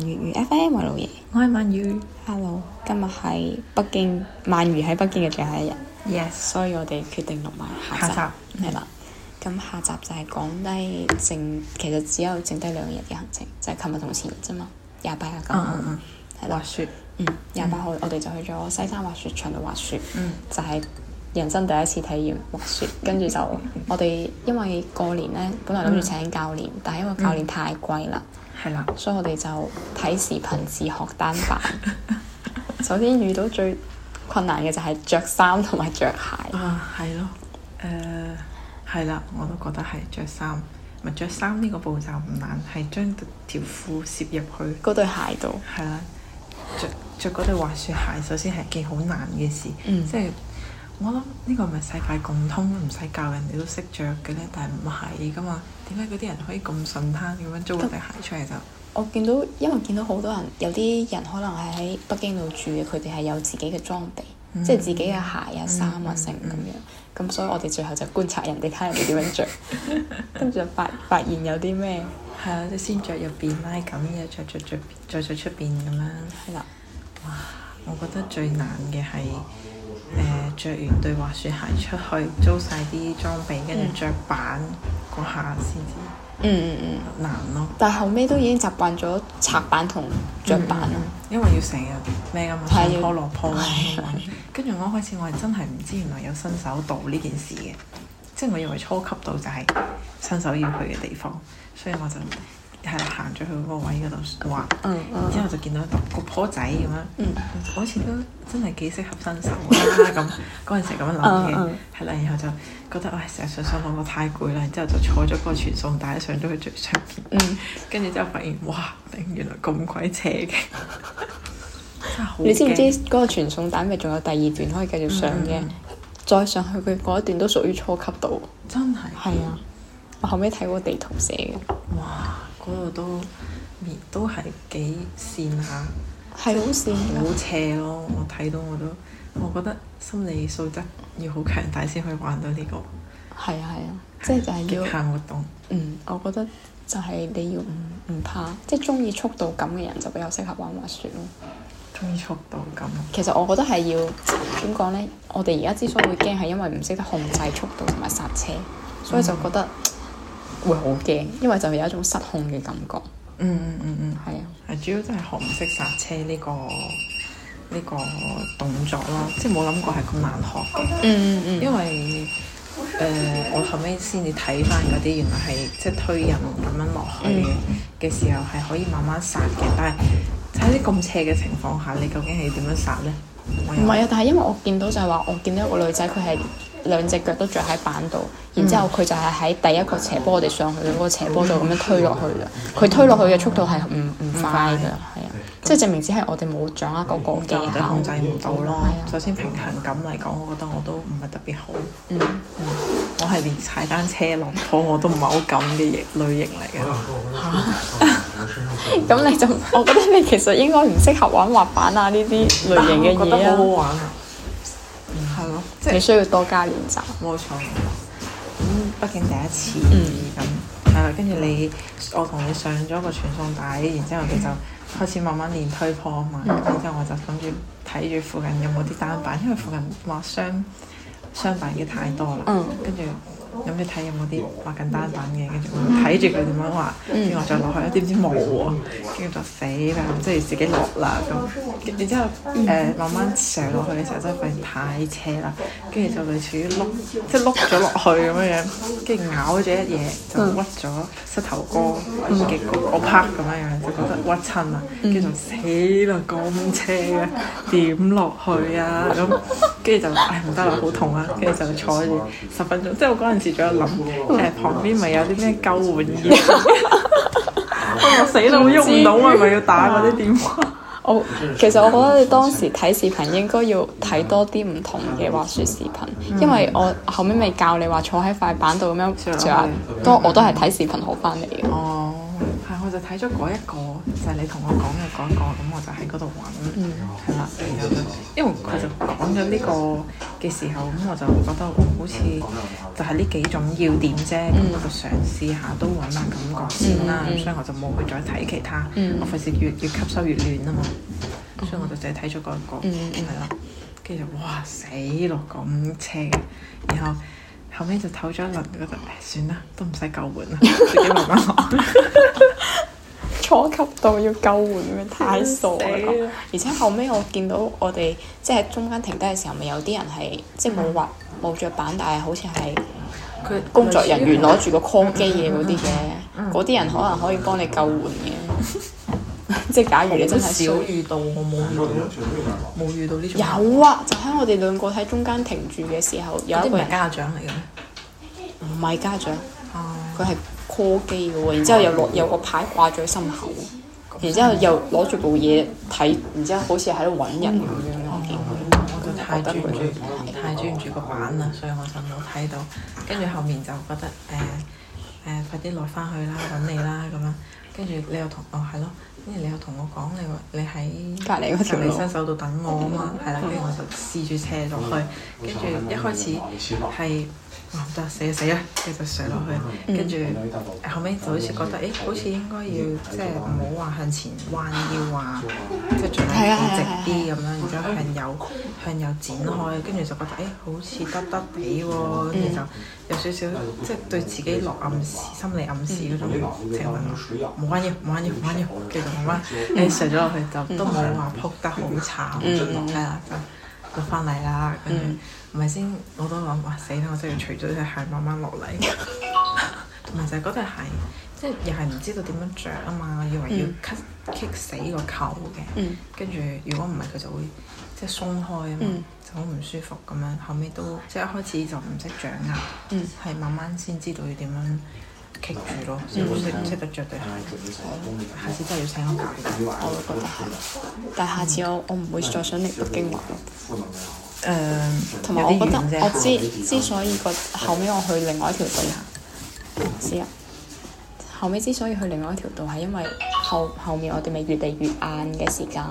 粵語 FM 我，老爺，我係萬宇，Hello，今日喺北京，萬宇喺北京嘅最後一日，Yes，所以我哋決定錄埋下集，係啦，咁下集就係講低剩，其實只有剩低兩日嘅行程，就係琴日同前日啫嘛，廿八日、九號，嗯嗯嗯，係啦，滑雪，嗯，廿八號我哋就去咗西山滑雪場度滑雪，嗯，就係人生第一次體驗滑雪，跟住就我哋因為過年咧，本來諗住請教練，但係因為教練太貴啦。係啦，所以我哋就睇視頻、嗯、自學單板。 首先遇到最困難嘅就係着衫同埋着鞋啊，係咯，誒、呃，係啦，我都覺得係着衫，咪着衫呢個步驟唔難，係將條褲攝入去嗰對鞋度，係啦，着着嗰對滑雪鞋，首先係件好難嘅事，即係、嗯就是、我諗呢個咪世界共通，唔使教人哋都識着嘅咧，但係唔係噶嘛？點解嗰啲人可以咁順攤咁樣租對鞋出嚟就？我見到，因為見到好多人，有啲人可能係喺北京度住，佢哋係有自己嘅裝備，mm. 即係自己嘅鞋啊、衫啊成咁樣。咁所以我哋最後就觀察人哋，睇人哋點樣着， 跟住就發發現有啲咩係啊，你先着入邊啦，咁嘅，着着着着着出邊咁啦。係啦，啊、 哇！我覺得最難嘅係。呃嗯着完對滑雪鞋出去，租晒啲裝備，跟住着板嗰下先至，嗯嗯嗯，難咯。嗯、但後尾都已經習慣咗拆板同着板啦、嗯，因為要成日咩咁上坡落坡。跟住的我開始，我係真係唔知原來有新手道呢件事嘅，即係我以為初級道就係新手要去嘅地方，所以我就。係行咗去嗰個位嗰度滑，之、嗯嗯嗯、後就見到個坡仔咁樣，好似都真係幾適合新手咁。嗰陣時咁樣諗嘅係啦，然後就覺得唉，成日上上落落太攰啦，然之後就坐咗個傳送帶上咗去最上邊。跟住之後發現哇，頂原來咁鬼斜嘅！你知唔知嗰個傳送帶咪仲有第二段可以繼續上嘅？再上去佢嗰一段都屬於初級度。真係係啊！我後尾睇過地圖寫嘅哇～嗰度、嗯、都面都係幾跣下，係好跣，好、嗯、斜咯！我睇到我都，我覺得心理素質要好強大先可以玩到呢、這個。係啊係啊，即係、啊、就係、是、要極限活動。嗯，我覺得就係你要唔唔怕，即係中意速度感嘅人就比較適合玩滑雪咯。中意速度感？其實我覺得係要點講咧？我哋而家之所以會驚係因為唔識得控制速度同埋剎車，所以就覺得。嗯會好驚，因為就係有一種失控嘅感覺。嗯嗯嗯嗯，係、嗯嗯、啊，係主要真係學唔識剎車呢、呢個呢、呢個動作咯，即係冇諗過係咁難學嘅。嗯嗯嗯，因為誒、呃、我後尾先至睇翻嗰啲，原來係即係推人咁樣落去嘅嘅時候係可以慢慢剎嘅，嗯、但係喺啲咁斜嘅情況下，你究竟係點樣剎咧？唔、哎、係啊，但係因為我見到就係話，我見到一個女仔佢係。兩隻腳都着喺板度，然之後佢就係喺第一個斜坡，我哋上去嗰個斜坡度咁樣推落去啦。佢推落去嘅速度係唔唔快嘅，係啊，的嗯、即係證明只係我哋冇掌握嗰個技巧，嗯、控制唔到咯。嗯、首先平衡感嚟講，我覺得我都唔係特別好。嗯嗯、我係連踩單車落坡我都唔係好敢嘅型類型嚟嘅。咁、嗯嗯、 你就，我覺得你其實應該唔適合玩滑板啊，呢啲類型嘅嘢。即係需要多加練習，冇錯。咁、嗯嗯、畢竟第一次咁，係啦、嗯。跟住你，我同你上咗個傳送帶，然之後我就開始慢慢練推破啊嘛。嗯、然之後我就諗住睇住附近有冇啲單板，因為附近滑雙雙板嘅太多啦。跟住、嗯。嗯、有咩睇有冇啲畫緊單板嘅，跟住睇住佢點樣畫，跟住我再落去，知唔知冇喎？跟住就死啦，即係自己落啦咁。然之後誒、呃、慢慢上落去嘅時候，真係發現太斜啦。跟住就類似於碌，即係碌咗落去咁樣樣。跟住咬咗一嘢，就屈咗膝頭哥，結果我趴咁樣樣，就、嗯、覺得屈親啦。跟住、嗯、就死啦，咁斜啊，點落去啊？咁跟住就唉，唔得啦，好痛啊！跟住就坐住十分鐘，即係我嗰自在諗，誒、嗯、旁邊咪有啲咩救援嘢？ 我死都我喐唔到，係咪要打嗰啲電話？我、 哦、其實我覺得你當時睇視頻應該要睇多啲唔同嘅滑雪視頻。嗯、因為我後面未教你話坐喺塊板度咁樣，就話都我都係睇視頻學翻嚟嘅。哦睇咗嗰一個就係你同我講嘅嗰個，咁、就是我，那個、我就喺嗰度揾，係啦、嗯，因為佢就講咗呢個嘅時候，咁我就覺得好似就係呢幾種要點啫，咁、嗯、我就嘗試下都揾下感覺先啦，嗯嗯，所以我就冇去再睇其他，嗯、我費事越越吸收越亂啊嘛，所以我就、那個、嗯嗯，淨係睇咗嗰一個係啦，跟住就哇死咯咁車嘅，然後～後尾就唞咗一輪嗰陣，唉，算啦，都唔使救援啦， 自己慢慢學。坐級到要救援咩？太傻啦、啊喔！而且後尾我見到我哋即係中間停低嘅時候，咪有啲人係即係冇滑冇着板，但係好似係佢工作人員攞住個 call 機嘢嗰啲嘅，嗰啲、嗯嗯、人可能可以幫你救援嘅。即係假如你真係少遇到，我冇遇到，冇遇到呢種。有啊，就喺我哋兩個喺中間停住嘅時候，有一個人家長嚟嘅，唔係家長，佢係 call 機嘅喎。然之後又攞有個牌掛咗喺心口，然之後又攞住部嘢睇，然之後好似喺度揾人咁樣。我見佢，我就太專注，太專注個板啦，所以我就冇睇到。跟住後面就覺得誒誒，快啲落翻去啦，揾你啦咁樣。跟住你又同哦，係咯。跟住你又同我講，你話你喺隔離嗰條路伸手度等我啊嘛，係啦，跟住我就試住斜落去，跟住、嗯、一開始係。哇！得，死啊死啊，繼續垂落去，跟住後尾就好似覺得，誒，好似應該要即係唔好話向前彎腰啊，即係盡量企直啲咁樣，然之後向右向右展開，跟住就覺得，誒，好似得得地喎，跟住就有少少即係對自己落暗示，心理暗示嗰種，即係冇關嘢，冇關嘢，冇關嘢，繼續冇關，誒，垂咗落去就都冇話仆得好慘，嗯嗯，係啦，就落翻嚟啦，跟住。唔係先，我都諗，哇死啦！我真係要除咗對鞋，慢慢落嚟。同埋就係嗰對鞋，即係又係唔知道點樣着啊嘛，我以為要 cut 棘死個球嘅，跟住如果唔係佢就會即係鬆開啊嘛，就好唔舒服咁樣。後尾都即係一開始就唔識掌握，係慢慢先知道要點樣棘住咯，先識識得着對鞋。下次真係要請個教練，我會覺得係。但係下次我我唔會再想嚟北京玩。誒，同埋、呃、我覺得，我之之所以個後尾我去另外一條地、嗯、下，知啊？後尾之所以去另外一條道，係因為後後面我哋咪越嚟越晏嘅時間，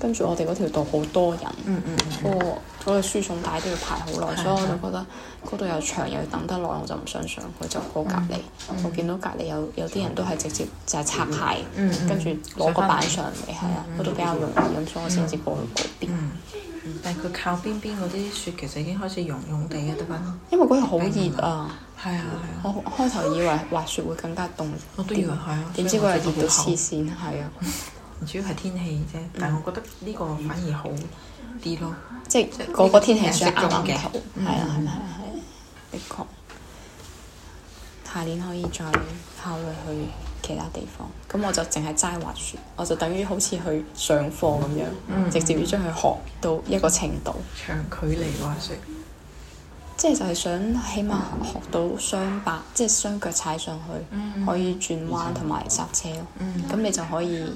跟住、嗯、我哋嗰條道好多人，嗯嗯嗯，個嗰、嗰個輸送帶都要排好耐，嗯嗯嗯，所以我就覺得。嗰度又長又要等得耐，我就唔想上。佢就過隔離。我見到隔離有有啲人都係直接就係拆鞋，跟住攞個板上嚟，係啊，嗰度比較容易，咁所以我先至過去嗰邊。但係佢靠邊邊嗰啲雪其實已經開始融融地啊，得返。因為嗰日好熱啊，係啊係啊，我開頭以為滑雪會更加凍，我都以為係啊，點知嗰日熱到黐線，係啊，主要係天氣啫。但係我覺得呢個反而好啲咯，即係個個天氣相適應嘅，係啊係啊係下年可以再考慮去其他地方。咁我就淨係齋滑雪，我就等於好似去上課咁樣，嗯嗯、直接要將佢學到一個程度。長距離滑雪，即係就係想起碼學到雙板，即係雙腳踩上去、嗯嗯、可以轉彎同埋煞車咯。咁、嗯、你就可以。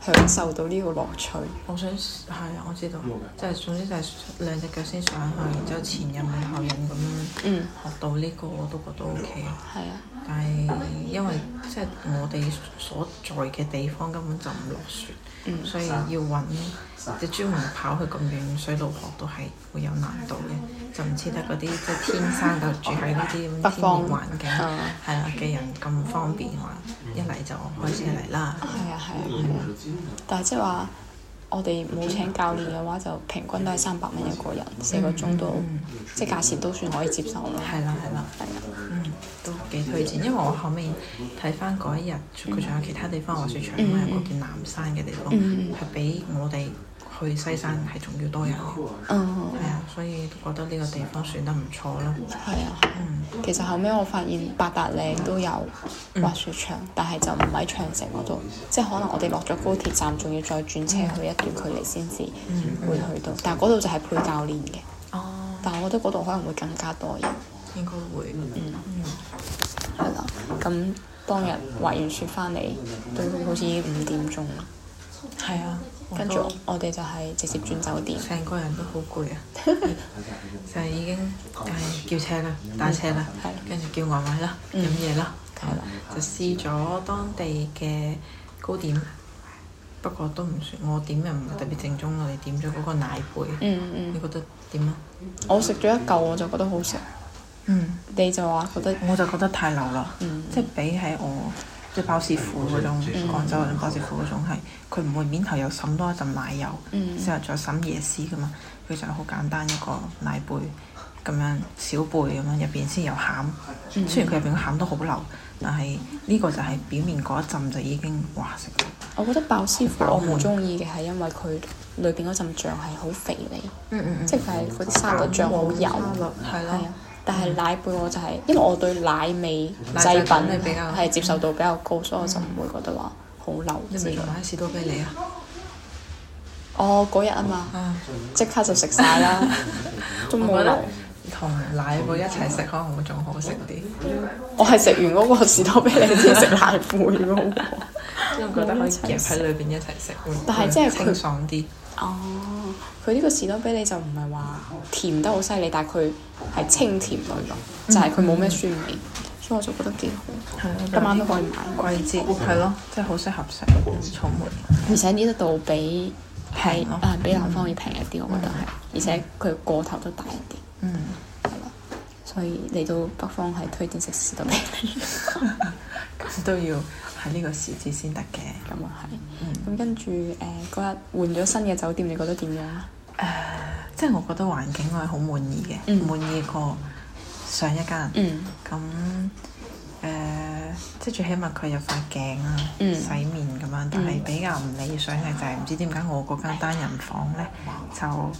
享受到呢個樂趣，我想係啊，我知道，即係總之就係兩隻腳先上去，然之後前任係後任咁樣學，呢個，嗯，到呢個我都覺得 OK 是啊，啊，但係因為即係我哋所在嘅地方根本就唔落雪。嗯、所以要揾，就係專門跑去咁遠水路學都係會有難度嘅，就唔似得嗰啲即係天生就住喺呢啲北方環境係啦嘅人咁方便話，一嚟就開車嚟啦。係啊係啊，但係即係話我哋冇請教練嘅話，就平均都係三百蚊一個人，四個鐘都、嗯嗯、即係價錢都算可以接受咯。係啦係啦係啦。的都幾推薦，因為我後面睇翻嗰一日，佢仲有其他地方滑雪場，因為有嗰件南山嘅地方係、嗯嗯、比我哋去西山係仲要多人。嗯，嗯，係啊、哦，所以覺得呢個地方選得唔錯咯。係啊，嗯、其實後尾我發現八達嶺都有滑雪場，嗯、但係就唔喺長城嗰度，即係可能我哋落咗高鐵站，仲要再轉車去一段距離先至會去到，嗯嗯嗯，但係嗰度就係配教練嘅。哦，但係我覺得嗰度可能會更加多人。應該會，嗯，係啦、嗯。咁當日滑完雪翻嚟，對面好似已經五點鐘啦。係啊，跟住我哋就係直接轉酒店。成個人都好攰啊， 就係已經叫車啦，打車啦，係、嗯，跟住叫外賣啦，飲嘢啦，係啦、嗯嗯，就試咗當地嘅糕點。不過都唔算，我點又唔係特別正宗。我哋點咗嗰個奶貝、嗯，嗯嗯，你覺得點啊？我食咗一嚿，我就覺得好食。嗯，你就話覺得，我就覺得太流啦，即係比起我即係鮑師傅嗰種廣州嗰種鮑師傅嗰種係，佢唔會面頭又冧多一陣奶油，之後再冧椰絲噶嘛，佢就係好簡單一個奶貝咁樣小貝咁樣入邊先有餡。雖然佢入邊嘅餡都好流，但係呢個就係表面嗰一陣就已經嘩食。我覺得鮑師傅我唔中意嘅係因為佢裏邊嗰陣醬係好肥膩，即係佢係嗰啲沙律醬好油，係啦。但係奶貝我就係、係，因為我對奶味製品係接受度比較高，較所以我就唔會覺得話好流。嗯、你未食士多啤梨啊？我嗰日啊嘛，即、啊、刻就食晒啦，仲冇啦。同奶貝一齊食可能仲好食啲。我係食完嗰個士多啤梨先食奶貝嗰個， 因為覺得可以喺裏邊一齊食。但係真係清爽啲。哦，佢呢個士多啤梨就唔係話甜得好犀利，但係佢係清甜類㗎，就係佢冇咩酸味，所以我就覺得幾好。係今晚都可以買，季節。係咯，真係好適合食草莓。而且呢一度比喺啊比南方要平一啲，我覺得係，而且佢個頭都大一啲。嗯，係啦，所以嚟到北方係推薦食士多啤梨，都要。喺呢個時節先得嘅。咁啊係，咁跟住誒嗰日換咗新嘅酒店，你覺得點樣啊？誒、呃，即係我覺得環境我係好滿意嘅，嗯、滿意過上一間。咁誒、嗯呃，即係最起碼佢有塊鏡啊，嗯、洗面咁樣，但係比較唔理想嘅就係唔知點解我嗰間單人房咧、嗯、就。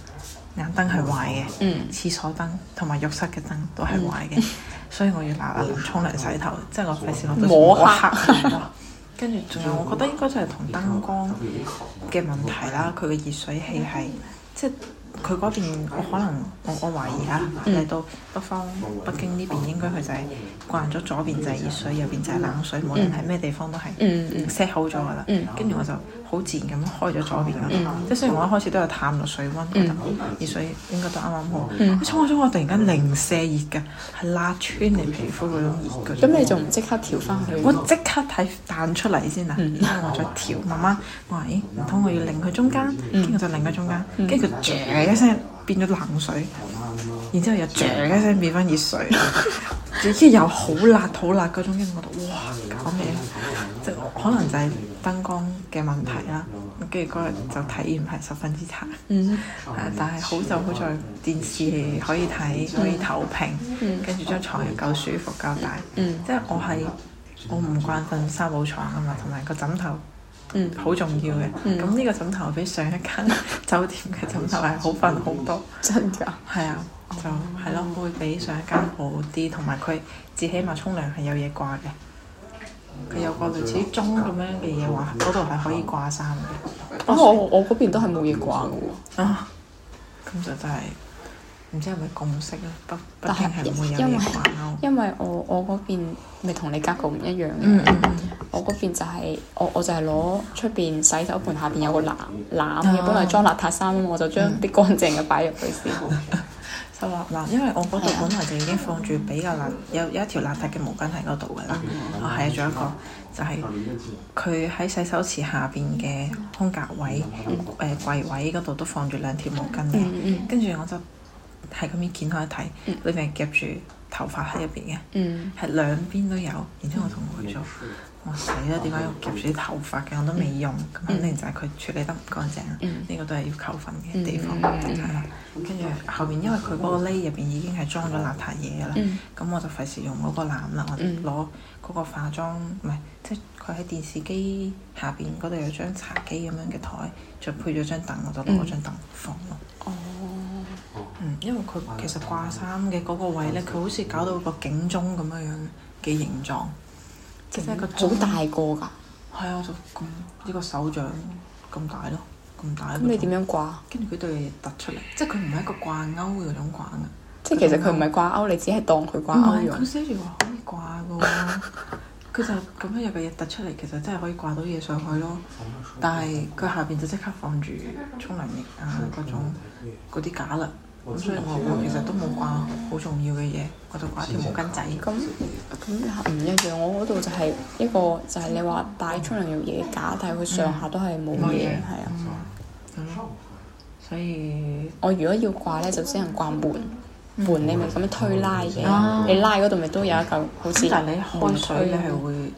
眼燈係壞嘅，廁、嗯、所燈同埋浴室嘅燈都係壞嘅，嗯、所以我要嗱嗱臨沖涼洗頭， 即係我費事攞到摸黑。跟住仲有，我覺得應該就係同燈光嘅問題啦。佢嘅熱水器係、嗯、即係。佢嗰邊我可能我我懷疑吓，嚟到北方北京呢邊應該佢就係慣咗左邊就係熱水，右邊就係冷水。無論喺咩地方都係 set 好咗噶啦。跟住我就好自然咁開咗左邊啦。即雖然我一開始都有探落水溫，覺得熱水應該都啱啱好。咁中間我突然間零舍熱嘅，係辣穿你皮膚嗰種熱。咁你仲唔即刻調翻去？我即刻睇彈出嚟先啦，然後我再調，慢慢我話咦，唔通我要擰佢中間，跟住我就擰佢中間，跟住佢一聲變咗冷水，然之後又噏一聲變翻熱水，總之 又好辣好辣嗰種，跟住我度，哇！搞咩？即係可能就係燈光嘅問題啦。跟住嗰日就體驗係十分之差。嗯啊、但係好就好在電視可以睇，可以投屏，跟住張床又夠舒服，夠大。嗯嗯、即係我係我唔慣瞓沙堡床啊嘛，同埋個枕頭。嗯，好重要嘅。咁呢、嗯、個枕頭比上一間 酒店嘅枕頭係好瞓好多，真㗎。係啊，oh. 就係咯、啊，會比上一間好啲。同埋佢至起碼沖涼係有嘢掛嘅。佢有個類似鐘咁樣嘅嘢，話嗰度係可以掛衫嘅、oh, 以。我我嗰邊都係冇嘢掛嘅啊，咁就真係～唔知係咪共識啊？北北京係唔會有嘢掛鈎。因為我我嗰邊咪同你格局唔一樣嘅、嗯就是。我嗰邊就係我我就係攞出邊洗手盆下邊有個籃籃嘅，本來裝邋遢衫，我就將啲、啊、乾淨嘅擺入去。收垃圾， 因為我嗰度本來就已經放住比較邋有、嗯、有一條邋遢嘅毛巾喺嗰度㗎啦。哦、嗯，係啊，仲有一個就係佢喺洗手池下邊嘅空格位誒、嗯呃、櫃位嗰度都放住兩條毛巾嘅。嗯嗯、跟住我就。係咁樣掀開睇，裏邊夾住頭髮喺入邊嘅，係兩邊都有。然之後我同佢做，我死啦！點解要夾住啲頭髮嘅我都未用？咁肯定就係佢處理得唔乾淨。呢個都係要扣分嘅地方嚟嘅啦。跟住後邊，因為佢嗰個喱入邊已經係裝咗邋遢嘢啦，咁我就費事用嗰個攬啦。我攞嗰個化妝唔係，即係佢喺電視機下邊嗰度有張茶幾咁樣嘅台，就配咗張凳，我就攞張凳放咯。哦。因為佢其實掛衫嘅嗰個位咧，佢好似搞到個警鐘咁樣樣嘅形狀，其實個好大個㗎。係啊，就咁一個手掌咁大咯，咁大。咁你點樣掛？跟住佢對突出嚟，即係佢唔係一個掛鈎嗰種掛。即係其實佢唔係掛鈎，你只係當佢掛鈎用。佢寫住話可以掛㗎。佢就咁樣有個嘢突出嚟，其實真係可以掛到嘢上去咯。但係佢下邊就即刻放住沖涼液啊嗰種嗰啲架啦。咁所以我我其實都冇掛好重要嘅嘢，我就掛條毛巾仔。咁咁唔一樣，我嗰度就係一個就係你話帶沖涼用嘢架，但係佢上下都係冇嘢，係啊。咁所以我如果要掛咧，就只能掛門。門你咪咁樣推拉嘅，你拉嗰度咪都有一嚿好似。但你汗水你係會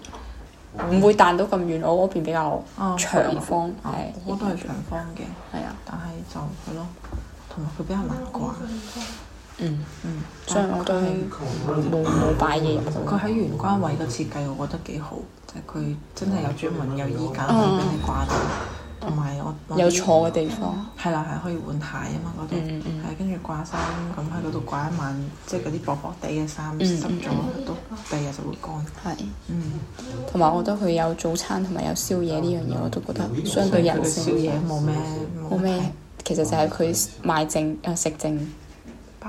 唔會彈到咁遠？我嗰邊比較長方，我都係長方嘅。係啊，但係就係咯。同埋佢比較難掛，嗯嗯，所以我都冇冇擺嘢入。佢喺玄關位嘅設計，我覺得幾好，就係佢真係有專門有衣架可以俾你掛到。同埋我有坐嘅地方。係啦，係可以換鞋啊嘛嗰度，係跟住掛衫咁喺嗰度掛一晚，即係嗰啲薄薄地嘅衫濕咗都第二日就會乾。係，嗯，同埋我覺得佢有早餐同埋有宵夜呢樣嘢，我都覺得相對人性化，宵夜冇咩冇咩。其實就係佢賣剩，食、呃、剩，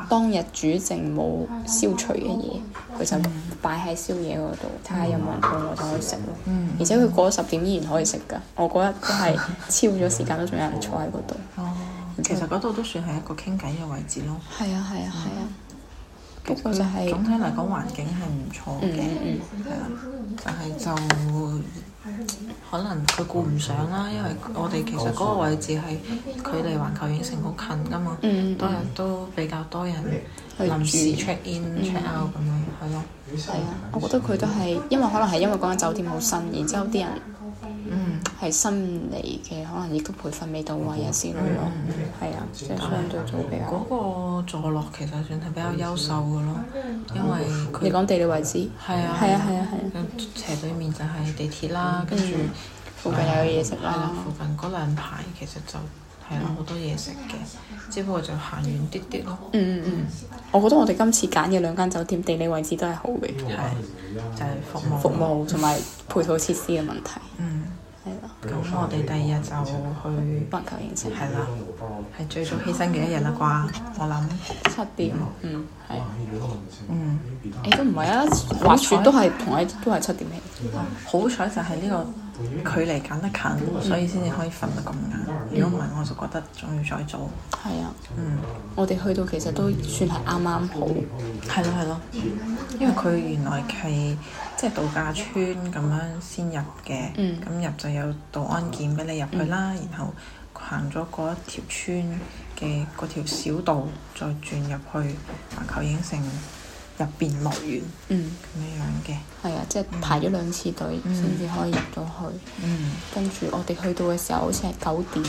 當日煮剩冇消除嘅嘢，佢、嗯、就擺喺宵夜嗰度，睇下有冇人過我就可以食咯。嗯、而且佢過咗十點依然可以食㗎，嗯、我覺得真係超咗時間都仲有人坐喺嗰度。哦、然後其實嗰度都算係一個傾偈嘅位置咯。係啊，係啊，係啊。不過就係總體嚟講環境係唔錯嘅，係啦、嗯，但、嗯、係就，是、就可能佢顧唔上啦，嗯、因為我哋其實嗰個位置係距離環球影城好近噶嘛，多人、嗯嗯、都比較多人臨時 check in 住 check out 咁樣。係囉，係啊，我覺得佢都係，因為可能係因為嗰間酒店好新，然之後啲人。係新嚟嘅，可能亦都培訓未到位啊之類咯，係啊，相對做比較嗰個坐落其實算係比較優秀嘅咯，因為你講地理位置係啊係啊係啊，斜對面就係地鐵啦，跟住附近有嘢食啦，附近嗰兩排其實就係好多嘢食嘅，只不過就行遠啲啲咯。嗯嗯嗯，我覺得我哋今次揀嘅兩間酒店地理位置都係好嘅，係就係服務、服務同埋配套設施嘅問題。嗯。咁我哋第二日就去，北球影城，係啦，係最早起身嘅一日啦啩，我諗七點。嗯，係，嗯，誒、欸、都唔係彩啊，好彩都係同一，都係七點起，好彩就係呢、這個。距離揀得近，所以先至可以瞓得咁晏。如果唔係，我就覺得仲要再早。係啊，嗯，我哋去到其實都算係啱啱好，係咯係咯，啊、因為佢原來係即係度假村咁樣先入嘅，咁、嗯、入就有道安檢畀你入去啦，嗯、然後行咗嗰一條村嘅嗰條小道，再轉入去環球影城。入邊樂園，嗯，咁樣嘅，係啊，即係排咗兩次隊先至可以入咗去，嗯，跟住我哋去到嘅時候好似係九點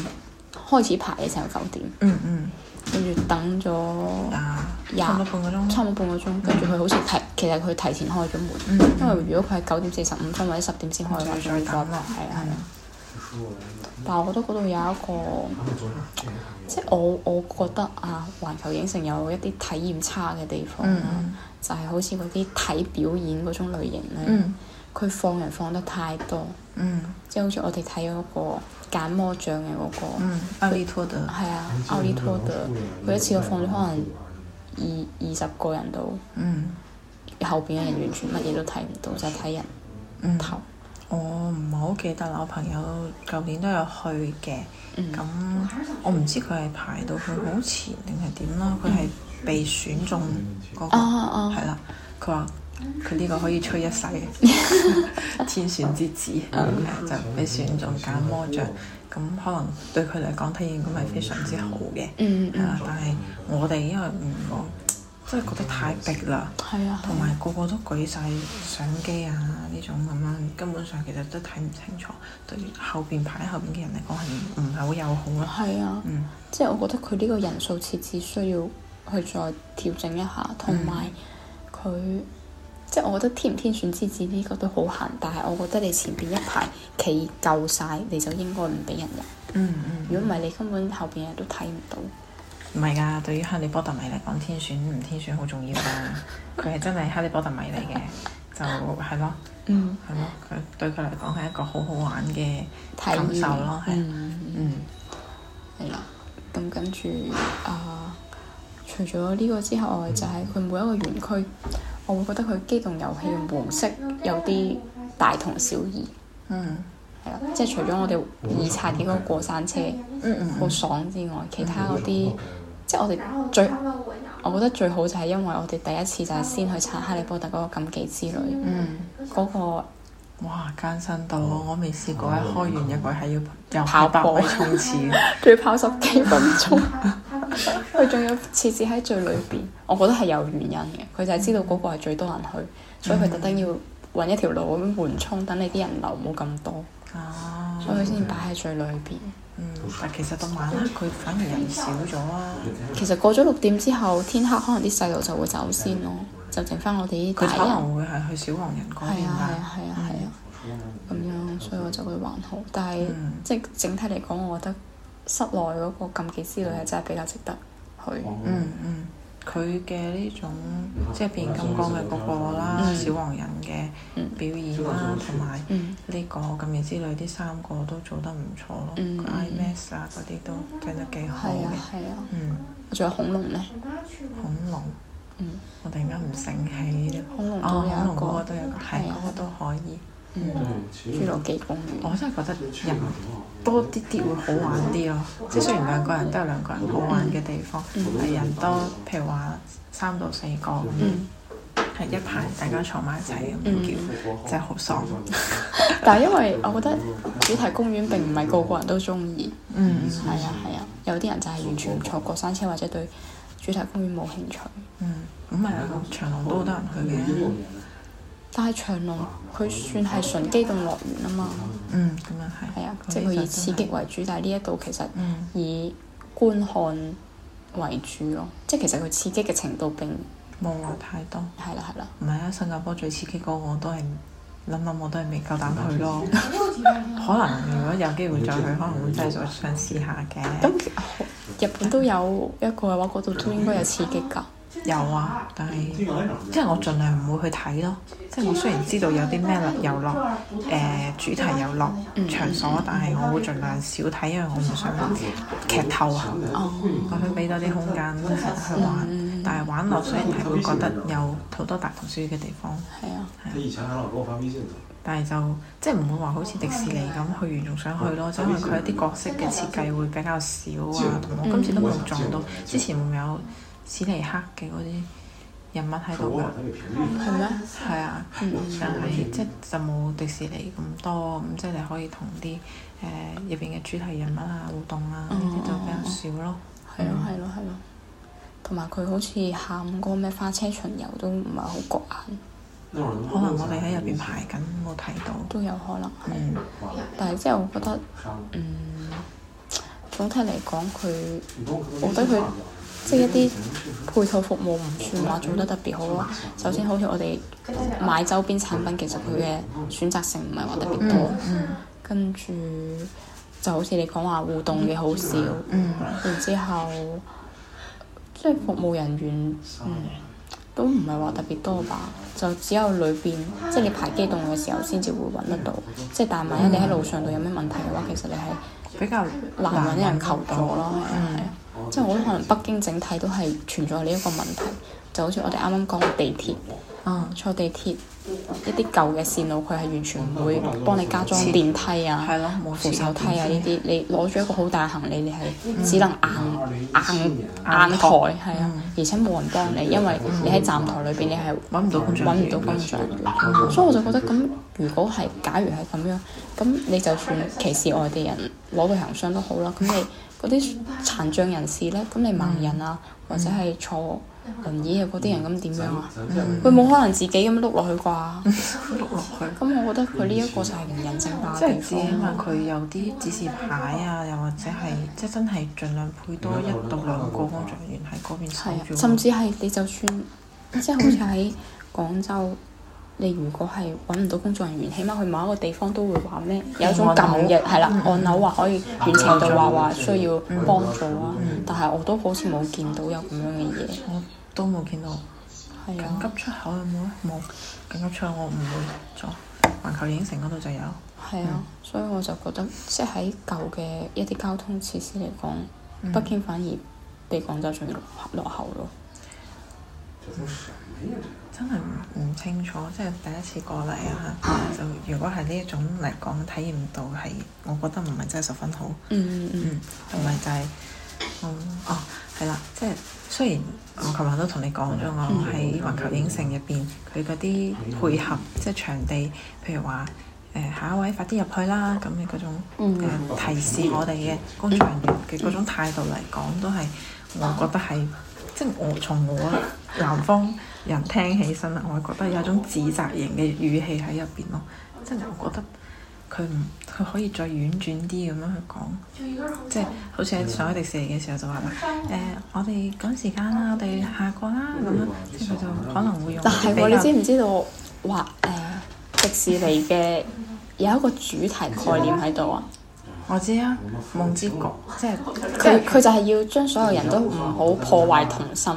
開始排嘅時候九點，嗯嗯，跟住等咗廿差唔多半個鐘，差唔多半個鐘，跟住佢好似提其實佢提前開咗門，因為如果佢係九點四十五分或者十點先開嘅，係啊係啊。但係我覺得嗰度有一個，即係我我覺得啊，環球影城有一啲體驗差嘅地方、嗯嗯、就係好似嗰啲睇表演嗰種類型咧，佢、嗯、放人放得太多，嗯、即係好似我哋睇嗰個揀魔杖嘅嗰個，奧利、嗯、托德係啊，奧利托德佢一次就放咗可能二二十個人度。嗯、後邊嘅人完全乜嘢都睇唔到，嗯、就係睇人頭。嗯我唔係好記得啦，我朋友舊年都有去嘅，咁、嗯嗯、我唔知佢係排到去好前定係點啦，佢係被選中嗰、那個，係啦、嗯，佢話佢呢個可以吹一世，天選、哦哦、 之子、 嗯嗯、就被選中揀魔杖，咁可能對佢嚟講體驗感係非常之好嘅，係啦，但係我哋因為我。真係覺得太逼啦，同埋、啊啊、個個都舉晒相機啊呢種咁樣，根本上其實都睇唔清楚，對後邊排後邊嘅人嚟講係唔係好友好咯？係啊，嗯，即係我覺得佢呢個人數設置需要去再調整一下，同埋佢即係我覺得天唔天選之子呢個都好閒，但係我覺得你前邊一排企夠晒，你就應該唔畀人入。嗯嗯。如果唔係，嗯、你根本後邊人都睇唔到。唔係噶，對於哈利波特迷嚟講，天選唔、嗯、天選好重要啦。佢係真係哈利波特迷嚟嘅， 就係咯，嗯，係咯。佢對佢嚟講係一個好好玩嘅感受咯，係，嗯，係啦。咁跟住啊，除咗呢個之後， 就係佢每一個園區，我會覺得佢機動遊戲模式有啲大同小異。嗯，係啦，即係除咗我哋二刷啲嗰個過山車，嗯 嗯，好爽之外，其他嗰啲。即係我哋最，我覺得最好就係因為我哋第一次就係先去查《哈利波特》嗰個禁忌之旅，嗯，嗰、嗯那個哇艱辛到，我未試過啊！嗯、開完一個係要跑、哦、百米衝刺，仲 要跑十幾分鐘，佢仲要設置喺最裏邊。 我覺得係有原因嘅，佢就係知道嗰個係最多人去，所以佢特登要揾一條路咁樣緩衝，等你啲人流冇咁多，啊、嗯，所以佢先擺喺最裏邊。嗯嗯，但其實到晚黑，佢反而人少咗啊。其實過咗六點之後，天黑可能啲細路就會先走先咯，就剩翻我哋呢個。佢可能會係去小黃人嗰邊睇。係啊係啊係啊係啊，咁樣所以我就會還好。但係、嗯、即係整體嚟講，我覺得室內嗰個禁忌之旅係真係比較值得去。嗯嗯。嗯佢嘅呢種即係變金剛嘅嗰個啦，小黃人嘅表演啦，同埋呢個咁嘅之類啲三個都做得唔錯咯，IMAX 啊嗰啲都做得幾好嘅。係啊。嗯，仲有恐龍咧？恐龍，我突然間唔醒起。恐龍嗰個都有個，係嗰個都可以。嗯，侏羅紀公園，我真係覺得人多啲啲會好玩啲咯。嗯、即係雖然兩個人都有兩個人好玩嘅地方，係、嗯嗯、人多，譬如話三到四個，係、嗯、一排大家坐埋一齊咁、嗯、叫，真係好爽。但係因為我覺得主題公園並唔係個個人都中意。嗯，嗯，係啊，係啊，有啲人就係完全唔坐過山車或者對主題公園冇興趣。嗯，咁、嗯、啊，長隆都好多人去嘅。但係長隆佢算係純機動樂園啊嘛，嗯，咁樣係，係啊， 即係佢以刺激為主，嗯、但係呢一度其實以觀看為主咯，嗯、即係其實佢刺激嘅程度並冇話太多，係啦係啦，唔係啊，新加坡最刺激嗰個我都係諗諗我都係未夠膽去咯， 可能如果有機會再去，可能會再再想試下嘅。咁、嗯、日本都有一個嘅話，嗰度都應該有刺激㗎。有啊，但係、嗯、即係我盡量唔會去睇咯。即係我雖然知道有啲咩遊樂誒、嗯呃、主題遊樂、嗯、場所，但係我會盡量少睇，因為我唔想劇透啊。我會畀多啲空間、嗯、去玩。但係玩落雖然係會覺得有好多大同小異嘅地方。係、嗯、啊。啲熱但係就即係唔會話好似迪士尼咁，去完仲想去咯，嗯、就因為佢有啲角色嘅設計會比較少啊。嗯。同埋我今次都冇撞到，嗯、之前有。史尼克嘅嗰啲人物喺度㗎，係咩、嗯？係啊，但係即係就冇迪士尼咁多，咁即係你可以同啲誒入邊嘅主題人物啊互動啊，呢啲、嗯、就比較少咯。係咯的，係咯、嗯，係咯。同埋佢好似喊嗰個咩花車巡遊都唔係好過眼。可能我哋喺入邊排緊冇睇到。都有可能係，嗯、但係即係我覺得，嗯，總體嚟講佢，我覺得佢。即係一啲配套服務唔算話做得特別好咯。嗯嗯、首先，好似我哋買周邊產品，其實佢嘅選擇性唔係話特別多。嗯嗯、跟住就好似你講話互動嘅好少。嗯、然之後，即係服務人員。嗯嗯都唔係話特別多吧，就只有裏邊，即係你排機動嘅時候先至會揾得到。即係但係萬一你喺路上度有咩問題嘅話，嗯、其實你係比較難揾人求助咯，係啊，即係我覺得可能北京整體都係存在呢一個問題，就好似我哋啱啱講嘅地鐵，嗯，坐地鐵。一啲舊嘅線路，佢係完全唔會幫你加裝電梯啊，冇、嗯嗯啊、扶手梯啊呢啲。你攞咗一個好大行李，你係只能硬、嗯、硬硬抬，係、嗯、啊，而且冇人幫你，因為你喺站台裏邊，你係揾唔到揾唔到工作人員嘅。所以我就覺得，咁如果係，假如係咁樣，咁你就算歧視外地人攞到行箱都好啦。咁你嗰啲殘障人士咧，咁你盲人啊，或者係坐輪椅又嗰啲人咁點樣啊？佢冇、嗯、可能自己咁碌落去啩？碌落 去。咁、 嗯、我覺得佢呢一個就係唔人性化地方，佢有啲指示牌啊，又或者係即係真係盡量配多一到兩個工作人員喺嗰邊守住、 嗯、甚至係你就算即係、就是、好似喺廣州。你如果係揾唔到工作人員，起碼去某一個地方都會話咩？有一種感嘅係啦，按鈕話了、嗯、可以遠程度話話需要幫助啊。嗯、但係我都好似冇見到有咁樣嘅嘢，我都冇見到係啊。緊急出口有冇冇、啊、緊急出口我唔會做。環球影城嗰度就有。係啊，嗯、所以我就覺得，即係喺舊嘅一啲交通設施嚟講，嗯、北京反而比廣州仲要落後咯。嗯真係唔清楚，即係第一次過嚟啊！嗯、就如果係呢一種嚟講，體驗到係我覺得唔係真係十分好。嗯嗯，係咪、嗯、就係、是？哦、嗯、哦，係啦，即係雖然我琴日都同你講咗，我喺環球影城入邊，佢嗰啲配合即係場地，譬如話誒、呃、下一位快啲入去啦咁嘅嗰種、嗯呃、提示我哋嘅工作人員嘅嗰種態度嚟講，嗯嗯、都係我覺得係即係我從我南、啊、方。人聽起身，我覺得有種指責型嘅語氣喺入邊咯。即係我覺得佢唔佢可以再婉轉啲咁樣去講， 即係好似喺上海迪士尼嘅時候就話啦：誒、呃，我哋趕時間啦，我哋下個啦咁樣。即係佢就可能會用。但係是較你知唔知道話誒迪士尼嘅有一個主題概念喺度啊？我知啊，夢之國，就係、即係佢佢就係要將所有人都唔好破壞童心。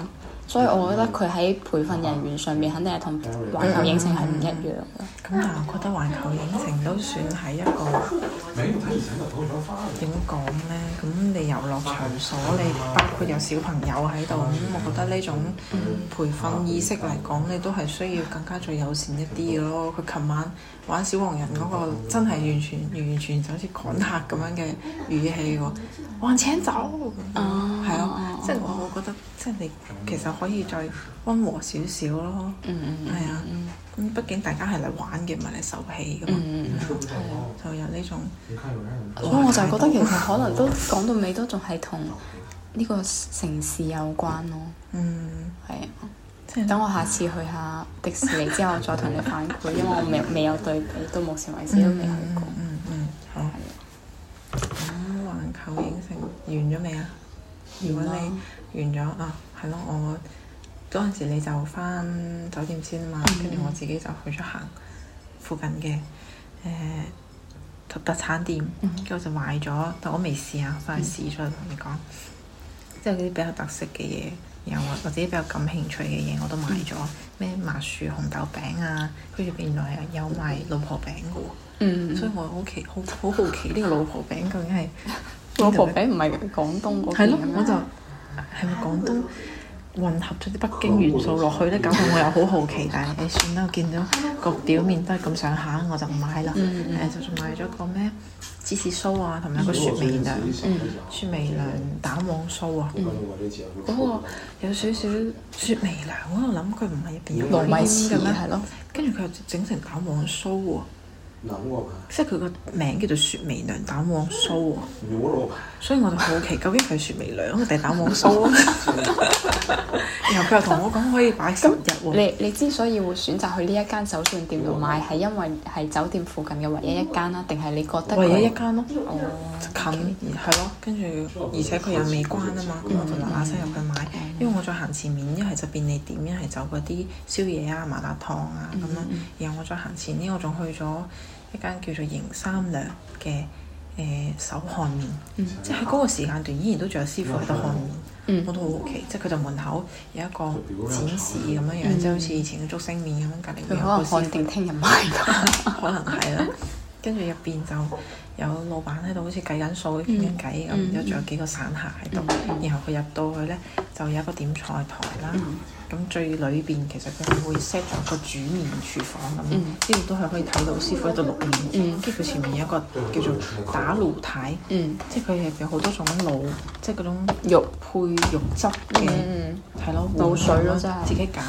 所以我覺得佢喺培訓人員上面，肯定係同環球影城係唔一樣嘅。咁但係我覺得環球影城都算係一個點講咧？咁你遊樂場所，你、嗯嗯、 包括有小朋友喺度，咁我覺得呢種培訓意識嚟講，你都係需要更加最友善一啲嘅咯。佢琴晚玩小黃人嗰個，真係完全完全就好似趕客咁樣嘅語氣喎，往前走。嗯。即係我覺得，即係你其實你可以再温和少少咯。嗯嗯嗯。係啊。咁畢竟大家係嚟玩嘅，唔係嚟受氣噶嘛。嗯。係啊，就有呢種。所以我就覺得其實可能都講到尾都仲係同呢個城市有關咯。嗯。係啊。即係等我下次去下迪士尼之後再同你反饋，因為我未未有對比，到目前為止都未去過。嗯嗯。好。咁環球影城完咗未啊？如果你完咗，嗯、啊，係咯，我嗰陣時你就翻酒店先啊嘛，跟住、嗯、我自己就去咗行附近嘅誒特特產店，跟住、嗯、我就買咗，但我未試啊，我係試咗同、嗯、你講，即係嗰啲比較特色嘅嘢，然後我自己比較感興趣嘅嘢我都買咗，咩麻薯紅豆餅啊，跟住原來有賣老婆餅嘅喎，嗯、所以我好奇好好好奇呢、呢個老婆餅究竟係～、嗯老婆餅唔係廣東嗰，係咯，我就係咪廣東混合咗啲北京元素落去咧？搞到我又好好奇。但係誒，算啦，見到個表面都係咁上下，我就唔買啦。誒、嗯嗯， 就買咗個咩芝士酥啊，同埋個雪媚娘、嗯、雪媚娘蛋黃酥啊。嗰、嗯、 個有少少雪媚娘，我諗佢唔係入邊有糯米餈嘅咩？係咯，跟住佢又整成蛋黃酥喎、啊。即係佢個名叫做雪媚娘蛋黃酥喎，所以我就好奇究竟係雪媚娘定蛋黃酥？然後佢又同我講可以擺十日喎。你之所以會選擇去呢一間手信店度買，係因為係酒店附近嘅唯一一間啊？定係你覺得唯一一間咯？哦，近係咯，跟住而且佢又未關啊嘛，咁我就嗱嗱聲入去買，因為我再行前面一係就便利店，一係走嗰啲宵夜啊、麻辣燙啊咁樣，然後我再行前呢，我仲去咗。一間叫做營三娘嘅誒手漢麪，即係喺嗰個時間段依然都仲有師傅喺度漢麪，我都好好奇，即係佢就門口有一個展示咁樣樣，即係好似以前嘅竹升麪咁樣，隔離佢可能看定聽日賣，可能係啦。跟住入邊就有老闆喺度好似計緊數，傾緊偈咁，然之後仲有幾個散客喺度。然後佢入到去呢，就有一個點菜台啦。咁最裏邊其實佢會 set 咗個煮麵廚房咁，嗯、之後都係可以睇到師傅喺度淥麵，嗯，即佢前面有一個叫做打爐台，嗯，即係佢係有好多種爐，即係嗰種肉配肉汁嘅，嗯，係咯，滷水咯真係，自己揀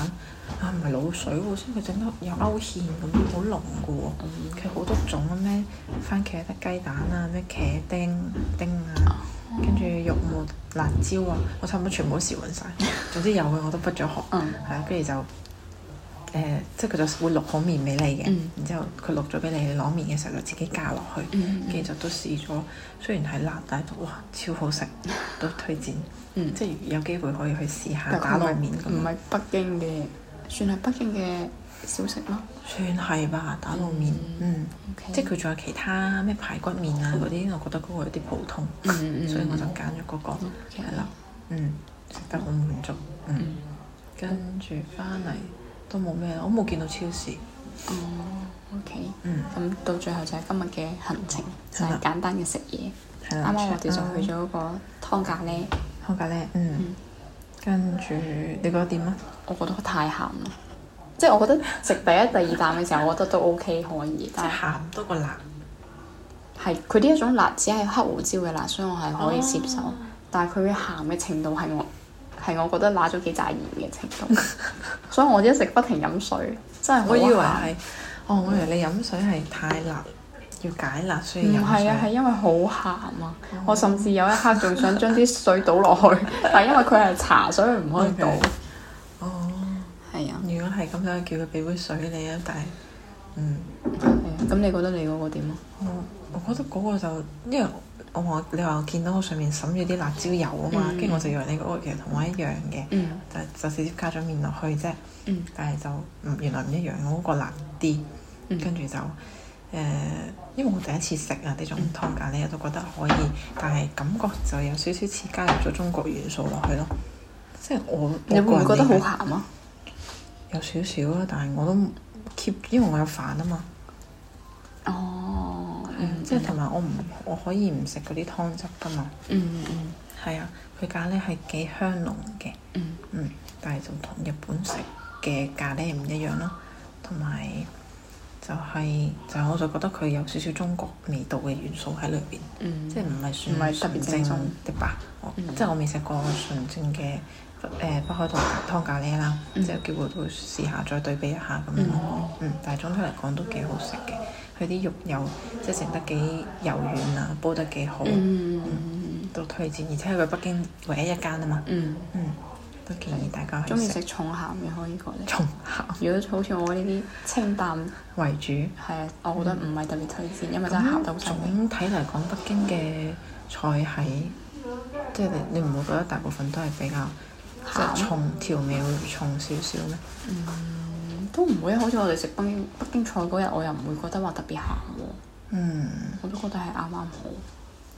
啊唔係滷水喎，所以佢整得有勾芡咁，好濃嘅喎。佢好、嗯、多種嘅咩番茄、雞蛋啊，咩茄丁丁啊。跟住肉末辣椒啊，我差唔多全部都試勻晒。總之有嘅我都畢咗學，係啦、嗯。跟住、啊、就誒、呃，即係佢就會落好麵俾你嘅，嗯、然之後佢落咗俾你，你攞麵嘅時候就自己加落去。跟住就都試咗，雖然係辣，但係哇超好食，都推薦。嗯、即係有機會可以去試下但他 打內麵。唔係北京嘅，嗯、算係北京嘅。小食咯，算係吧，打滷麵，嗯，即係佢仲有其他咩排骨麵啊嗰啲，我覺得嗰個有啲普通，所以我就揀咗嗰個，係啦，嗯，食得好滿足，嗯，跟住翻嚟都冇咩，我冇見到超市，哦，O K，嗯，咁到最後就係今日嘅行程，就係簡單嘅食嘢，係啦，啱啱我哋就去咗個湯咖喱，湯咖喱，嗯，跟住你覺得點啊？我覺得太鹹啦。即係我覺得食第一、第二啖嘅時候，我覺得都 OK 可以。但係鹹多過辣。係佢呢一種辣，只係黑胡椒嘅辣，所以我係可以接受。Oh. 但係佢嘅鹹嘅程度係我係我覺得辣咗幾揸鹽嘅程度。 所以我一直不停飲水，真係我以為係哦，我以為你飲水係太辣，嗯、要解辣，所以飲水。唔係啊，係因為好鹹啊！Oh. 我甚至有一刻仲想將啲水倒落去， 但係因為佢係茶，所以唔可以倒。哦。Okay. Oh. 如果係咁，都叫佢畀杯水你啊。但係，嗯，咁你覺得你嗰個點啊？我我覺得嗰個就因為我你我你話我見到我上面滲咗啲辣椒油啊嘛，跟住、嗯、我就以為你嗰個其實同我一樣嘅、嗯，就、嗯、就直接加咗面落去啫。但係就唔原來唔一樣，我、那、嗰個辣啲，跟住、嗯、就誒、呃，因為我第一次食啊呢種湯咖喱，我、嗯、都覺得可以，但係感覺就有少少似加入咗中國元素落去咯，即係我，我你會唔會覺得好鹹啊？有少少啦，但係我都 keep，因為我有飯啊嘛。哦、oh, um，即係同埋我唔我可以唔食嗰啲湯汁噶嘛。嗯嗯嗯。係啊，佢咖喱係幾香濃嘅。嗯。但係就同日本食嘅咖喱唔一樣咯，同埋就係、係、就係、我就覺得佢有少少中國味道嘅元素喺裏邊。Um, 即係唔係算唔係、um, 特別正宗啲吧？Um, 嗯、即係我未食過純正嘅。誒北海道湯，湯咖喱啦，即係叫我都試下，再對比一下咁樣。嗯，嗯，但係總體嚟講都幾好食嘅。佢啲肉又即係食得幾柔軟啊，煲得幾好、嗯嗯，都推薦。而且佢北京唯一一間啊嘛。嗯嗯，都建議大家。中意食重鹹嘅可以過嚟。這個、重鹹。如果好似我呢啲清淡為主，係啊，我覺得唔係特別推薦，嗯、因為真係鹹到重。總體嚟講，北京嘅菜係、嗯、即係你，你唔會覺得大部分都係比較。鹹重調味會重少少咩？嗯，都唔會好似我哋食北京北京菜嗰日，我又唔會覺得話特別鹹喎。嗯，我都覺得係啱啱好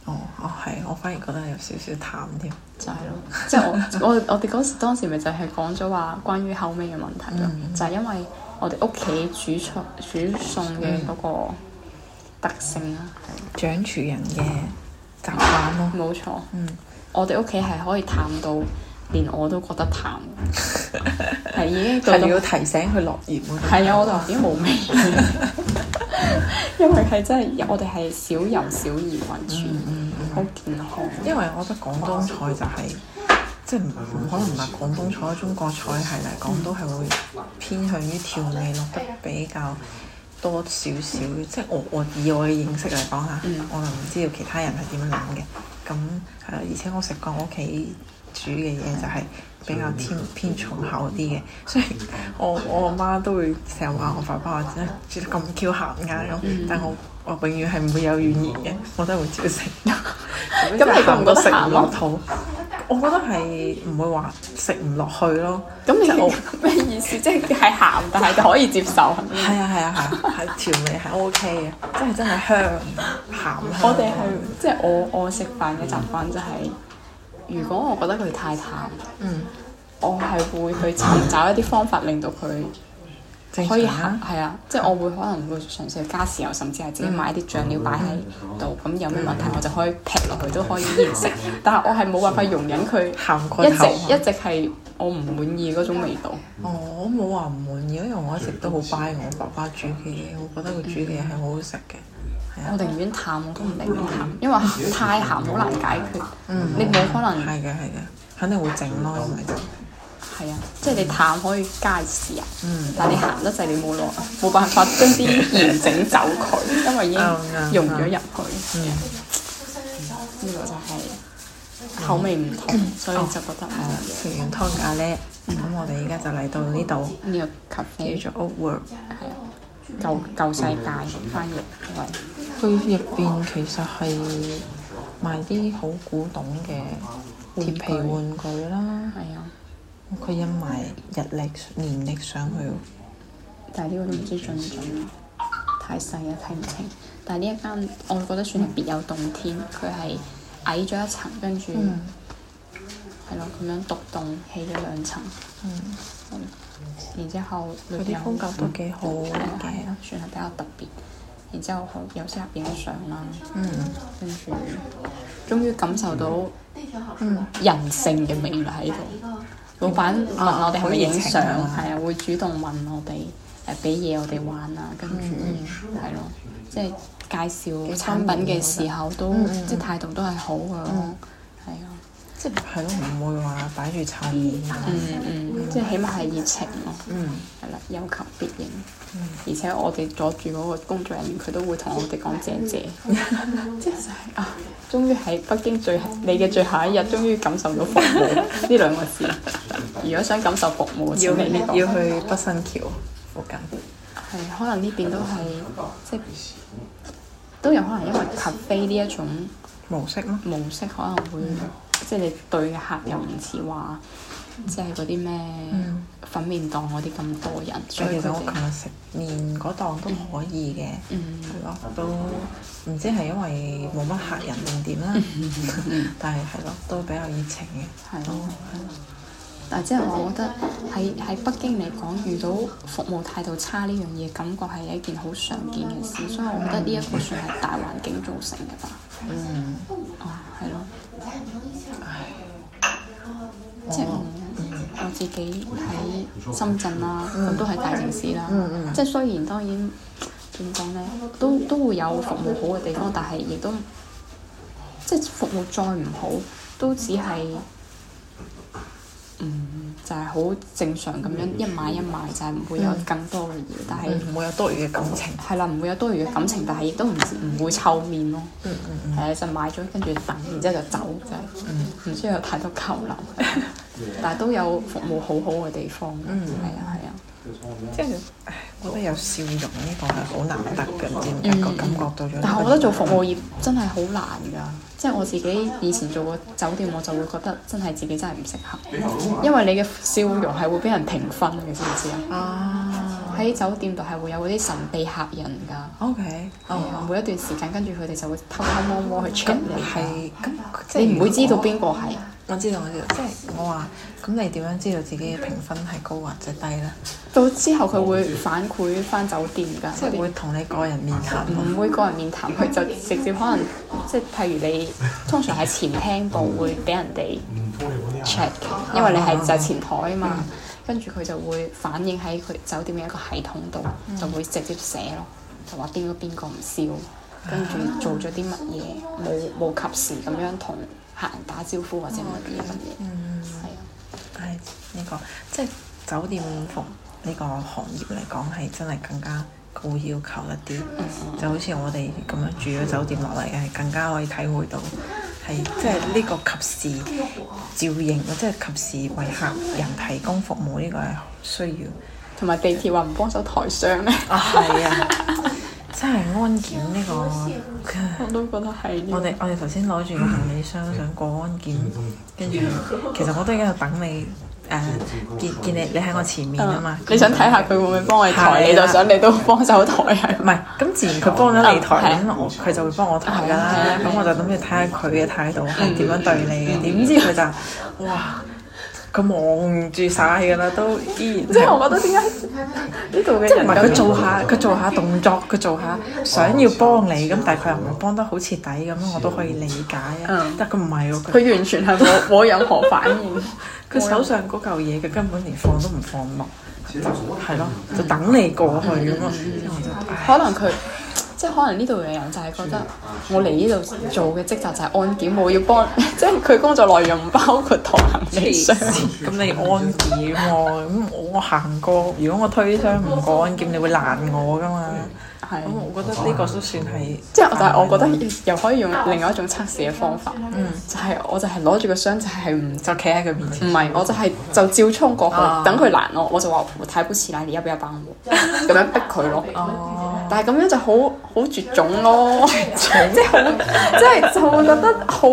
哦。哦，我係我反而覺得有少少淡添，就係咯。 即係我我哋嗰時 當時咪就係講咗話關於口味嘅問題咯，嗯、就係因為我哋屋企煮菜煮餸嘅嗰個特性、嗯、啊，係掌廚人嘅習慣咯。冇錯，嗯， 我哋屋企係可以淡到。連我都覺得淡，係已經到，要提醒佢落鹽喎。係啊，我就已經冇味。因為係真係，我哋係少油少鹽為主，好健康。因為我覺得廣東菜就係，即係可能唔係廣東菜，中國菜係嚟講都係會偏向於調味落得比較多少少。即係我我以我嘅認識嚟講下，我就唔知道其他人係點樣諗嘅。咁誒，而且我食過我屋企煮嘅嘢就係比較偏偏重口啲嘅，所以我我阿媽都會成日話我爸爸，我真煮得咁 Q 鹹噶咯，但係我我永遠係唔會有怨言嘅，我都會照食。咁你覺唔覺食唔落肚？ 我覺得係唔會話食唔落去咯。咁咩 意思？即係鹹，但係就可以接受。係 啊係啊係，係調味係 O K 嘅， 真係真係香鹹香。我哋係即係我我食飯嘅習慣就係、是。如果我覺得佢太淡，嗯、我係會去尋找一啲方法令到佢可以係啊，啊，啊，即係我會可能會嘗試加豉油，甚至係自己買啲醬料擺喺度。咁、嗯嗯嗯、有咩問題我就可以劈落去都可以食。嗯嗯、但係我係冇辦法容忍佢、嗯、一直一直係我唔滿意嗰種味道。嗯哦、我冇話唔滿意，因為我一直都好 buy 我爸爸、嗯、煮嘅，嘢、嗯。我覺得佢煮嘅嘢係好好食嘅。嗯我寧願淡，我都唔寧願鹹，因為太鹹好難解決。你冇可能。係嘅，係嘅，肯定會整咯，因為係啊，即係你淡可以介時啊，但你鹹得滯，你冇落，冇辦法將啲鹽整走佢，因為已經溶咗入去。呢個就係口味唔同，所以就覺得誒。食完湯咖喱，咁我哋而家就嚟到呢度。叫做 Over，係啊。舊舊世界翻譯，佢入邊其實係賣啲好古董嘅鐵皮玩具啦。係具啊，佢印埋日曆年歷上去、嗯、但係呢個都唔知準唔準，太細喇睇唔清。但係呢一間我覺得算係別有洞天，佢係、嗯、矮咗一層，跟住係咯咁樣獨棟起咗兩層。嗯嗯然之後，佢啲風格都幾好嘅，算係比較特別。然之後，有適合影相啦。嗯，跟住終於感受到人性嘅魅力喺度。老闆問我哋係咪影相，係啊，會主動問我哋誒俾嘢我哋玩啊，跟住係咯，即係介紹產品嘅時候都即態度都係好㗎，係啊。即係咯，唔會話擺住臭臉。嗯嗯，即係起碼係熱情咯。嗯，係啦因為，有、嗯、求必應。嗯、而且我哋阻住嗰個工作人員，佢都會同我哋講謝謝。嗯嗯嗯嗯、 即係啊！終於喺北京最、嗯、你嘅最後一日，終於感受到服務呢兩個字。如果想感受服務、這個，要要去北新橋附近。係、嗯，可能呢邊都係即係都有可能，因為咖啡呢一種模式咯。模式可能會。嗯即係你對客又唔似話，即係嗰啲咩粉麵檔嗰啲咁多人。嗯、所以其實我琴日食麵嗰檔都可以嘅，係咯、嗯，都唔知係因為冇乜客人定點啦。嗯、但係係咯，都比較熱情嘅，係咯。 嗱、啊，即係我覺得喺喺北京嚟講，遇到服務態度差呢樣嘢，感覺係一件好常見嘅事。所以，我覺得呢一個算係大環境造成嘅吧。嗯，哦、啊，係咯。啊唉，即係我自己喺深圳啦、啊，咁都係大城市啦、啊。即係雖然當然點講咧，都都會有服務好嘅地方，但係亦都即係服務再唔好，都只係嗯就係好正常咁樣一買一賣，就係、是、唔會有更多嘅嘢，但係唔會有多餘嘅感情。係啦，唔會有多餘嘅感情，但係亦都唔唔會湊面咯。誒、嗯嗯嗯呃、就買咗，跟住等，然之後就走，就係、是、唔、嗯、需要有太多扣留，嗯、 但係都有服務好好嘅地方。嗯，係啊的，係啊、嗯。即係，唉、嗯，我覺得有笑容呢個係好難得嘅，唔知你感覺到？但係我覺得做服務業真係好難㗎，即係我，我自己以前做過酒店，我就會覺得真係自己真係唔適合。因為你嘅笑容係會俾人評分嘅，知唔知啊？啊！喺酒店度係會有嗰啲神秘客人㗎。OK，哦，每一段時間跟住佢哋就會偷偷摸摸去 check 你。咁咁即係你唔會知道邊個係。啊我知道我知道，知道即係我話咁，啊、你點樣知道自己嘅評分係高或者低咧？到之後佢會反饋翻酒店㗎，即係會同你個人面談。唔、嗯、會個人面談，佢 就直接可能即係、就是、譬如你通常喺前廳部會俾人哋 check， 因為你係就前台啊嘛。嗯、跟住佢就會反映喺佢酒店嘅一個系統度，嗯、就會直接寫咯，就話邊個邊個唔笑，跟住 做咗啲乜嘢冇冇及時咁樣同。客人打招呼或者嗰啲咁嘅嘢，係、嗯、啊，係呢、嗯，呢個即係酒店服務呢個行業嚟講係真係更加高要求一啲，嗯嗯、就好似我哋咁樣住咗酒店落嚟係更加可以體會到，係、嗯、即係呢個及時照應，即係、嗯、及時為客人提供服務呢個係需要。同埋地鐵話唔幫手抬箱咧，係啊。 哦真係安檢呢個，我都覺得係。我哋我哋頭先攞住個行李箱想過安檢，跟住其實我都已經喺度等你，誒見見你你喺我前面啊嘛。你想睇下佢會唔會幫我抬？你就想你都幫手抬，唔係咁自然佢幫咗你抬，咁我佢就會幫我抬㗎啦。咁我就諗住睇下佢嘅態度係點樣對你嘅，點知佢就哇～佢望住曬㗎啦，都依然。即係我覺得點解呢度嘅人即係唔係佢做下佢 做下動作，佢做下想要幫你咁，但係佢又唔係幫得好徹底咁，我都可以理解，啊。嗯、但係佢唔係喎，佢完全係冇冇任何反應。佢手上嗰嚿嘢，佢根本連放都唔放落，就係咯，就等你過去咁啊。嗯、我可能佢。即係可能呢度嘅人就係覺得我嚟呢度做嘅職責就係安檢，我要幫，即係佢工作內容唔包括同行推箱，咁你安檢喎，咁我行過，如果我推箱唔過安檢，你會攔我㗎嘛？係，咁我覺得呢個都算係，即係但係我覺得又可以用另外一種測試嘅方法，嗯，就係我就係攞住個箱就係唔就企喺佢面前，唔係，我就係就照衝過去，等佢攔我，我就話我睇不見啦，你要不要幫我？咁樣逼佢咯。但係咁樣就好好絕種咯，即係好，即係就會、是、覺得好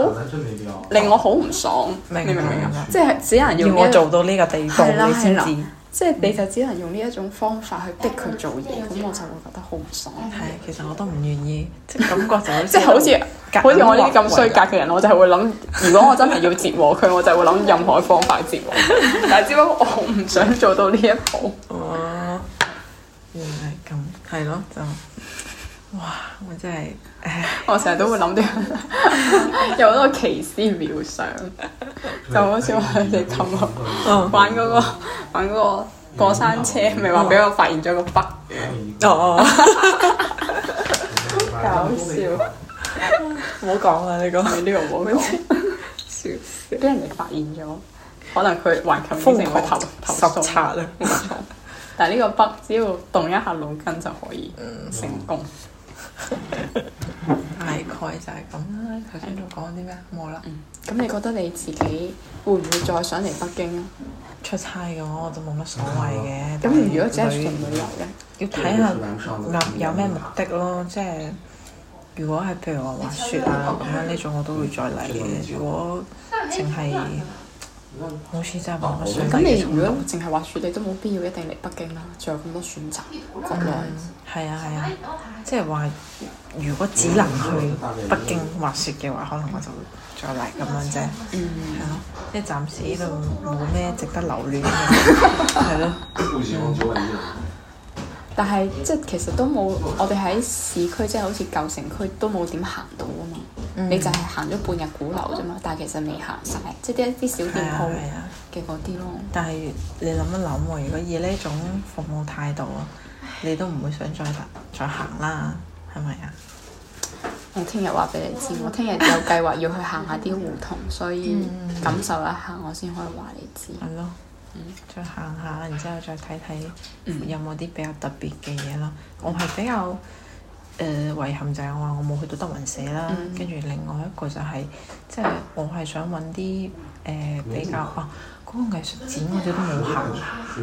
令我好唔爽，你明唔明？即係只能用要我做到呢個地步先知？嗯、即係你就只能用呢一種方法去逼佢做嘢，咁我就會覺得好唔爽。係，其實我都唔願意，即係感覺就係即係好似 好似很我呢啲咁衰格嘅人，我就係會諗， 如果我真係要折磨佢，我就會諗任何方法折磨。 但係只不過我唔想做到呢一步。 係咁，係咯，就哇！我真係，我成日都會諗啲，有好多奇思妙想。就好似話你氹我玩嗰個玩嗰個過山車，咪話俾我發現咗個北。哦，好搞笑！唔好講啦，你講你呢個唔好講。笑，俾人哋發現咗，可能佢環球變成個頭十插啦。但係呢個北只要動一下腦筋就可以嗯、成功。嗯、 大概就係咁啦。頭先仲講啲咩？冇啦。咁、嗯、你覺得你自己會唔會再想嚟北京啊？出差嘅話我都冇乜所謂嘅。咁、嗯是嗯、如果即係去旅遊咧，是女要睇下目有咩目的咯。即係如果係譬如話滑雪啊咁樣呢種，我都會再嚟嘅、嗯。如果淨係嗯、好似真係滑雪咁、啊，哇水但你如果淨係滑雪，你都冇必要一定嚟北京啦，仲有咁多選擇咁樣。係啊係啊，即係話如果只能去北京滑雪嘅話，可能我就再嚟咁樣啫。嗯，係咯、嗯啊，即係暫時呢度冇咩值得留戀嘅，係咯。但係即係其實都冇，我哋喺市區即係好似舊城區都冇點行到啊嘛。嗯、你就係行咗半日鼓樓啫嘛，但係其實未行晒，嗯、即係啲一啲小店鋪嘅嗰啲咯。啊啊、種但係你諗一諗喎，如果以呢種服務態度啊，嗯、你都唔會想再行再行啦，係咪啊？我聽日話俾你知，我聽日有計劃要去行下啲胡同， 所以感受一下，我先可以話你知。係咯的，嗯，再行下，然之後再睇睇有冇啲比較特別嘅嘢咯。嗯、我係比較。誒、呃、遺憾就係我話我冇去到德雲社啦，跟住、嗯、另外一個就係、是，即、就、係、是、我係想揾啲誒比較啊嗰、那個藝術展我哋都冇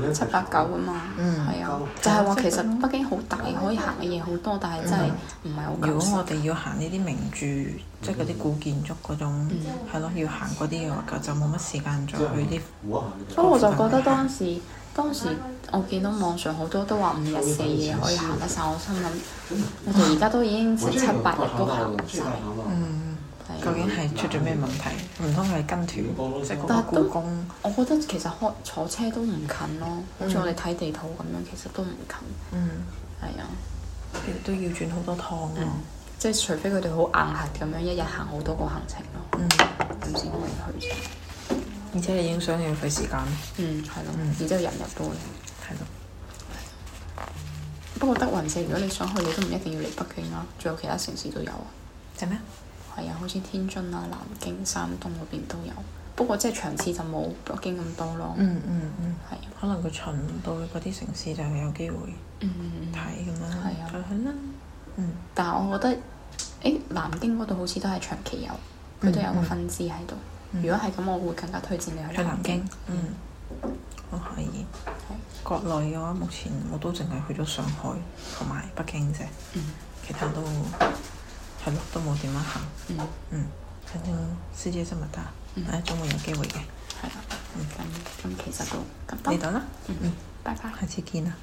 行，七八九啊嘛，係啊、嗯，就係、是、話其實北京好大，可以行嘅嘢好多，但係真係唔係好。如果我哋要行呢啲名著，即係嗰啲古建築嗰種，係咯、嗯，要行嗰啲嘅話，就冇乜時間再去啲。所以我就覺得當時。當時我見到網上好多都話五日四夜可以行得晒。我心諗我哋而家都已經成七八日都行唔晒。嗯、是究竟係出咗咩問題？唔通係跟團？即係個故宮，我覺得其實開坐車都唔近咯，好似我哋睇地圖咁樣，其實都唔近，嗯，係啊，亦都要轉好多趟咯，嗯、即係除非佢哋好硬核咁樣，一日行好多個行程咯，嗯，咁先可以去而且你影相又要費時間，嗯，係咯，嗯，然之後人又多，係咯的。不過德雲社如果你想去，你都唔一定要嚟北京啦，仲有其他城市都有啊。係咩嗎？係啊，好似天津啦、南京、山東嗰邊都有。不過即係場次就冇北京咁多咯、嗯。嗯嗯嗯，係、嗯。的可能佢巡到嗰啲城市就係有機會睇咁樣，再、嗯、的去啦。嗯，但係我覺得，誒，南京嗰度好似都係長期有，佢都有個分支喺度。嗯。如果係咁，我會更加推薦你去南京。嗯，都可以。國內嘅話，目前我都淨係去咗上海同埋北京啫。嗯，其他都係咯，都冇點樣行。嗯嗯，反正世界咁大，誒，總會有機會嘅。係啦，嗯，咁咁其實都，你等啦。嗯嗯，拜拜，下次見啦。